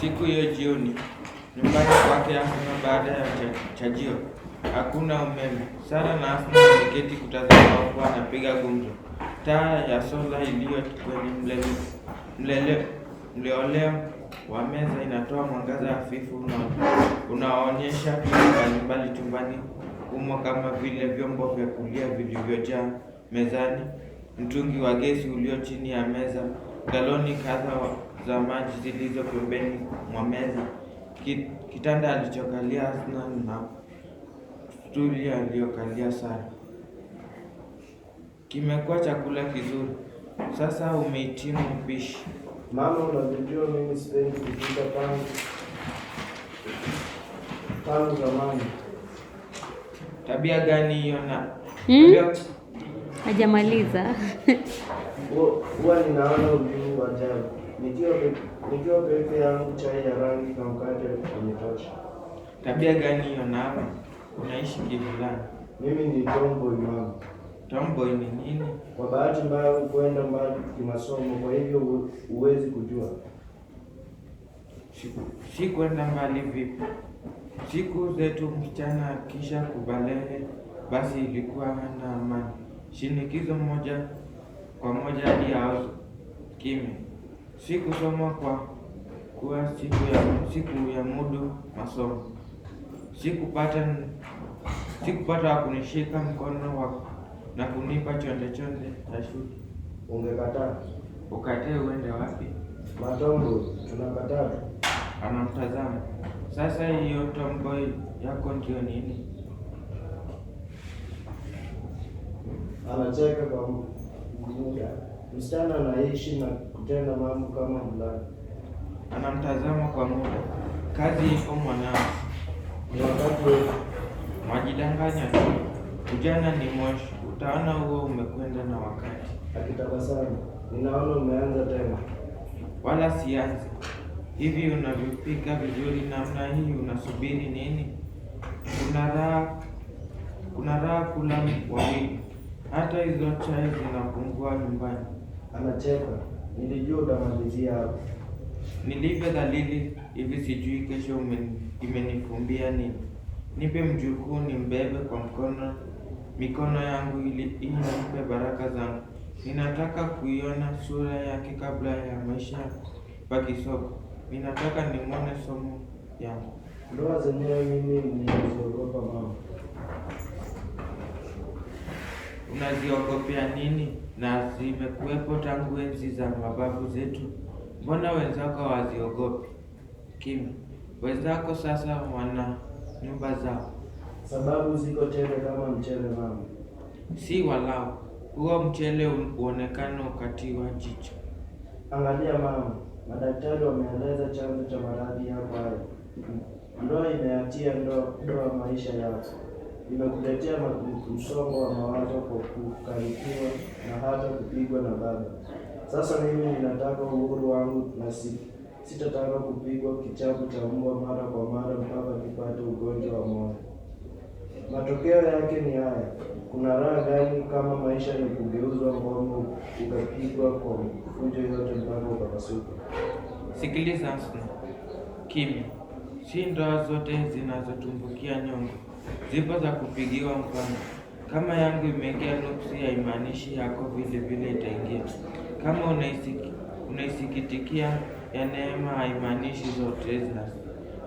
Siku hiyo jioni, nyumbani kwake Asma baada ya chajio, hakuna umeme. Sara na Asma wameketi kutazama huku anapiga gumzo. Taa ya sola iliyo kwenye mleoleo wa meza inatoa mwangaza hafifu unaoonyesha vitu mbalimbali chumbani humo kama vile vyombo vya kulia vilivyojaa mezani, mtungi wa gesi ulio chini ya meza galoni kadha za maji zilizo pembeni mwa meza, kitanda alichokalia Hassan na stuli aliyokalia Sara. Kimekuwa chakula kizuri. Sasa umehitimu mpishi. Mama, unajua mimi sipendi kupika tangu tangu zamani. Tabia gani hiyo? na hmm? hajamaliza huwa ninaona kwa nikiwa peke yangu, chai ya rangi na mkate umenitosha. Tabia gani hiyo? Nawe unaishi kivulani? Mimi ni tomboy mama. Tomboy ni nini? Kwa bahati mbaya hukwenda mbali kimasomo, kwa hivyo huwezi kujua. Si kwenda mbali vipi? Siku zetu msichana kisha kubalehe, basi ilikuwa hana amani, shinikizo moja kwa moja hadi aoze ukimya. Si kusoma kwa kuwa siku ya, siku ya mudu masomo, si kupata si kupata wa kunishika mkono wako na kunipa chonde chonde cha shule. Ungekataa ukatae, uende wapi? Matongo tunakataa. Anamtazama sasa. Hiyo tomboy yako ndio nini? Anacheka kwa mmoja Msichana anaishi na kutenda mambo kama mlani, Anamtazama kwa muda, kazi iko mwanao, ni wakati wetu. Mwajidanganya tu, ujana ni moshi, utaona huo umekwenda na wakati. Akitabasamu, ninaona umeanza tena. Wala sianzi hivi. Unavyopika vizuri namna hii, unasubiri nini? Kuna raha, kuna raha kula wawili, hata hizo chai zinapungua nyumbani. Anacheka. Nilijua utamalizia hapo. Nilivyo dhalili hivi, sijui kesho imenifumbia nini. Nipe mjukuu, nimbebe kwa mkono mikono yangu ili nipe baraka zangu. Ninataka kuiona sura yake kabla ya maisha pakisoko. Ninataka nimwone somo yangu. Ndoa zenyewe mimi nilizoogopa mama unaziogopea nini? Na zimekuwepo tangu enzi za mababu zetu, mbona wenzako waziogopi? Kimya, wenzako sasa wana nyumba zao. Sababu ziko tele kama mchele mama, si walao huo mchele uonekana wakati wa jicho. Angalia mama, madaktari wameeleza chanzo cha maradhi yako haya. Ndoa imeatia ndoa maisha yako imekuletea msongo wa mawazo kwa kukaripiwa na hata kupigwa na baba. Sasa mimi ninataka uhuru wangu na sitataka kupigwa kichapo cha mbwa mara kwa mara mpaka nipate ugonjwa wa moyo. Matokeo yake ni haya: kuna raha gani kama maisha ni kugeuzwa ngome, ukapigwa kwa fujo yote mpaka ukapasuka? Sikiliza Asna, kimya. Si ndoa zote zinazotumbukia nyongo zipo za kupigiwa mfano. Kama yangu imeingia nuksi, haimaanishi yako vile vile itaingia. Kama unaisikitikia ya neema, haimaanishi zote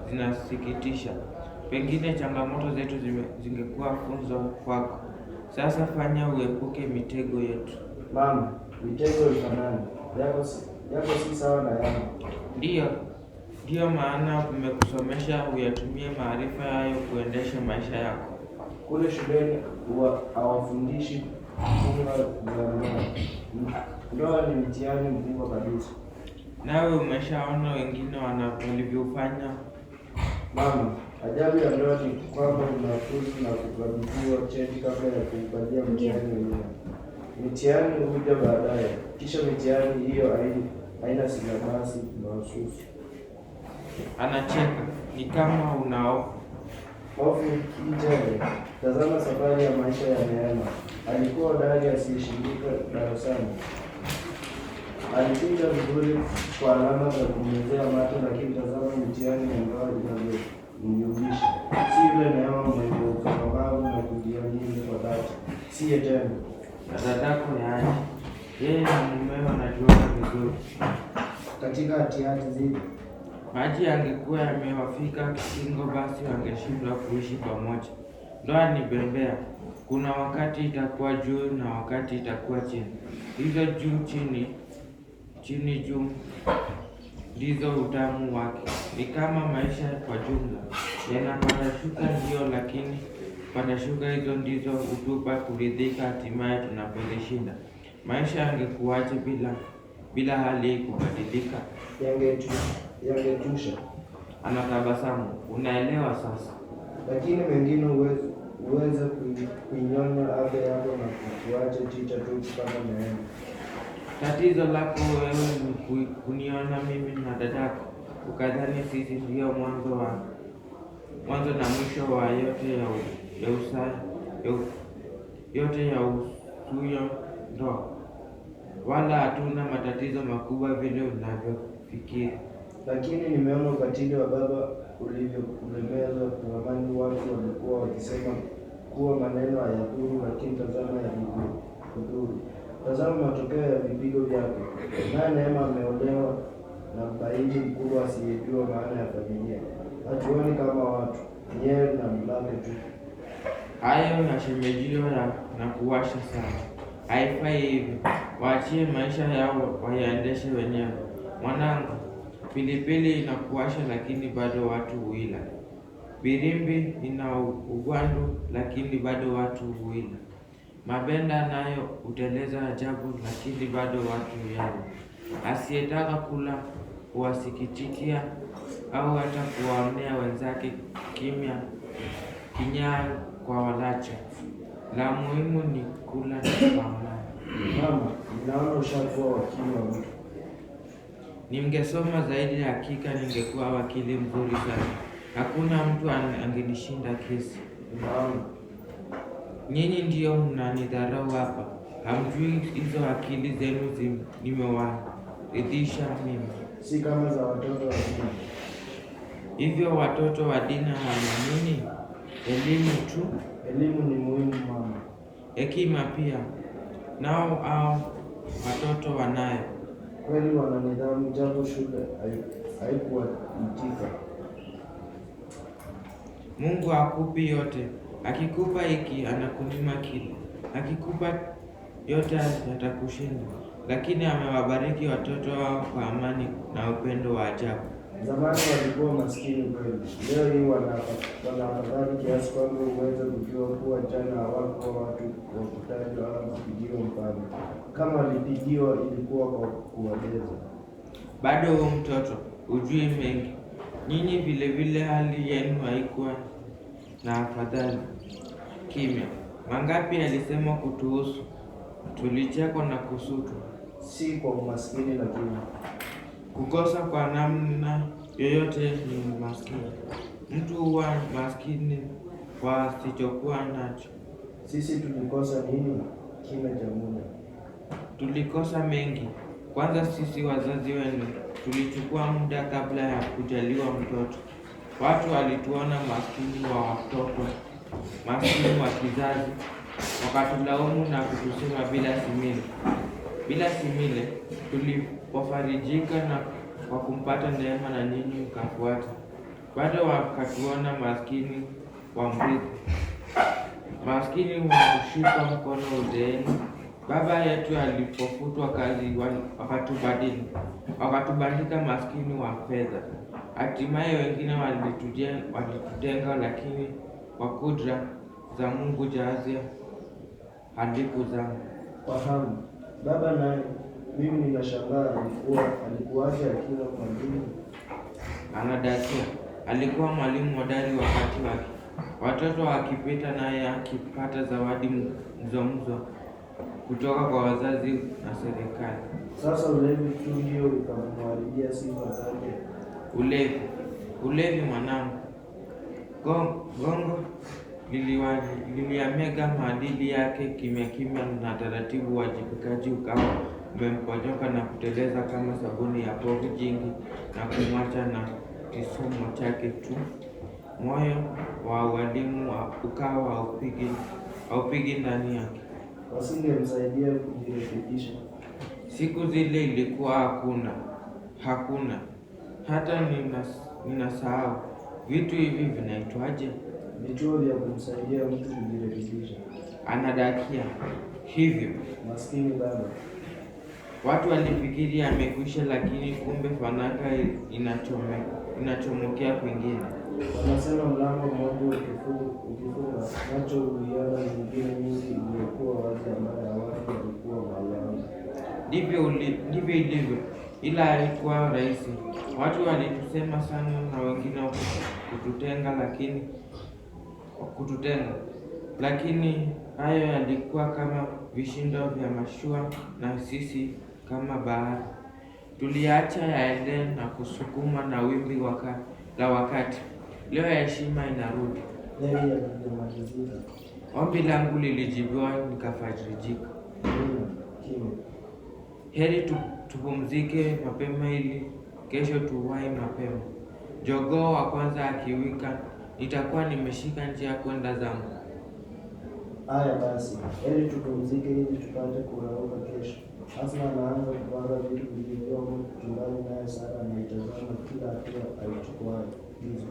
zinasikitisha. Pengine changamoto zetu zingekuwa funzo kwako. Sasa fanya uepuke mitego yetu. Mama, mitego ifanani yako, yako si sawa na yangu. Ndiyo. Ndiyo maana kumekusomesha uyatumie maarifa hayo kuendesha maisha yako. Kule shuleni hawafundishi kufunga na ndoa. Ndoa ni mtihani mkubwa kabisa. Nawe umeshaona wengine walivyofanya. Mama, ajabu ya ndoa ni kwamba unafuzu na kukabidhiwa cheti kabla ya kuufanyia mtihani wenyewe. mtihani huja baadaye, kisha mitihani hiyo haina silabasi mahususi. Anacheka, ni kama unao hofu. Hofu tazama safari ya maisha ya Neema. Alikuwa dari asiyeshindika darasani, alipiga vizuri kwa alama za kumezea macho, lakini tazama mtihani ambayo inavyomjumlisha. Si yule Neema mwenye ukakamavu na kujiamini kwa dhati, siye tena. Dadako ni aje? Yeye na mumewe vizuri. Katika hatihati zile Maji yangekuwa yamewafika kikingo, basi wangeshindwa kuishi pamoja. Ndoa ni bembea, kuna wakati itakuwa juu na wakati itakuwa chini. Hizo juu chini, chini juu ndizo utamu wake. Ni kama maisha kwa jumla, shuka, ndio, lakini shuka hizo ndizo utupa kuridhika hatimaye tunapolishinda. Maisha yangekuwaje bila bila hali kubadilika? yametusha. Anatabasamu, unaelewa sasa. Lakini mengine uweze kuinyonya afya yako na kuacha chicha tu kupata neema. Tatizo lako wewe ni kuniona mimi na dadako, ukadhani sisi ndio mwanzo wa mwanzo na mwisho wa yote ya, ya usa, ya, yote ya usuyo ndoa, wala hatuna matatizo makubwa vile unavyofikiri lakini nimeona ukatili wa baba ulivyokulemeza. Zamani watu walikuwa wakisema kuwa maneno hayadhuru, lakini tazama yalivyodhuru. Tazama matokeo ya vipigo vyake. Naye Neema ameolewa na mbaili mkubwa asiyejua maana ya familia. Hatuoni kama watu nyewe na mlale tu. Hayo nashemejiwa na, na kuwasha sana. Haifai hivyo, waachie maisha yao wayaendeshe wenyewe, mwanangu. Pilipili inakuwasha lakini bado watu huila. Birimbi ina ugwandu lakini bado watu huila. Mabenda nayo huteleza ajabu lakini bado watu yao. Asiyetaka kula huwasikitikia au hata kuwaonea wenzake kimya kinyaa kwa walacha. La muhimu ni kula na amani. Mama, naona ushakuwa wakili wa mtu Ningesoma zaidi, hakika ningekuwa wakili mzuri sana. Hakuna mtu angenishinda kesi. Nyinyi ndiyo mnanidharau hapa. Hamjui hizo akili zenu nimewaridhisha mimi, si kama za watoto wa dini. Hivyo watoto wa Dina hawaamini elimu tu. Elimu ni muhimu mama, hekima pia nao, au watoto wanayo kweli wana nidhamu, japo shule haikuwaitika. Mungu akupi yote, akikupa hiki anakunyima kile, akikupa yote atakushinda, lakini amewabariki watoto wao kwa amani na upendo wa ajabu. Zamani walikuwa maskini kweli, leo hii wanafadhali kiasi kwamba huweze kujua kuwa jana hawakuwa watu wa kutajwa wala kupigiwa mfano. Kama walipigiwa, ilikuwa kwa kuwabeza. Bado huu mtoto hujui mengi, nyinyi vilevile hali yenu haikuwa na afadhali. Kimya. Mangapi alisema kutuhusu, tulichekwa na kusutwa, si kwa umaskini lakini Kukosa kwa namna yoyote ni umaskini. Mtu huwa maskini kwa asichokuwa nacho. Sisi tulikosa nini? kila jamuna Tulikosa mengi. Kwanza sisi wazazi wenu tulichukua muda kabla ya kujaliwa mtoto. Watu walituona maskini wa watoto, maskini wa kizazi, wakatulaumu na kutusema bila simile. Bila simile tulipo wafarijika na kwa kumpata neema na nyinyi mkafuata. Bado wakatuona maskini wa mrithi, maskini wakushuka mkono uzeeni. Baba yetu alipofutwa kazi wakatubadili, wakatubandika maskini wa fedha. Hatimaye wengine walitutenga, lakini kwa kudra za Mungu jaazia hadiku zangu kwa hamu Baba naye mimi ninashangaa alikuwa alikuwaje akila kwa mbingu. Anadakia alikuwa mwalimu hodari wakati wake, watoto wakipita naye akipata zawadi mzomzo kutoka kwa wazazi na serikali. Sasa ulevi tu ndio ukamharibia sifa zake. Ulevi ulevi, mwanangu, gongo liliamega maadili yake kimya kimya, na taratibu wajibikaji ukawa umemponyoka na kuteleza kama sabuni ya povu jingi, na kumwacha na kisomo chake tu. Moyo wa walimu ukawa haupigi haupigi ndani yake, wasingemsaidia kujirekebisha. Siku zile ilikuwa hakuna hakuna hata ninas, ninasahau vitu hivi vinaitwaje, vituo vya kumsaidia mtu kujirekebisha. Anadakia hivyo maskini baba. Watu walifikiri amekwisha, lakini kumbe fanaka inachomokea kwingine. Nasema mlango mmoja ukifunga, nacho uliona nyingine nyingi iliyokuwa wazi, ambayo watu walikuwa walamu. Ndivyo ilivyo, ila haikuwa rahisi. Watu walitusema sana na wengine kututenga, lakini kututenga lakini hayo yalikuwa kama vishindo vya mashua na sisi kama bahari, tuliacha yaende na kusukuma na wimbi waka, la wakati. Leo heshima inarudi. Ombi langu lilijibiwa, nikafarijika. Heri tupumzike mapema ili kesho tuwai mapema. Jogoo wa kwanza akiwika, nitakuwa nimeshika njia kwenda zangu. Haya basi, heri tupumzike ili tupate kurauka kesho. Hasa anaanza kupanga vitu vilivyomo, kumbana naye Sara anaitazama kila hatua aichukuayo hizo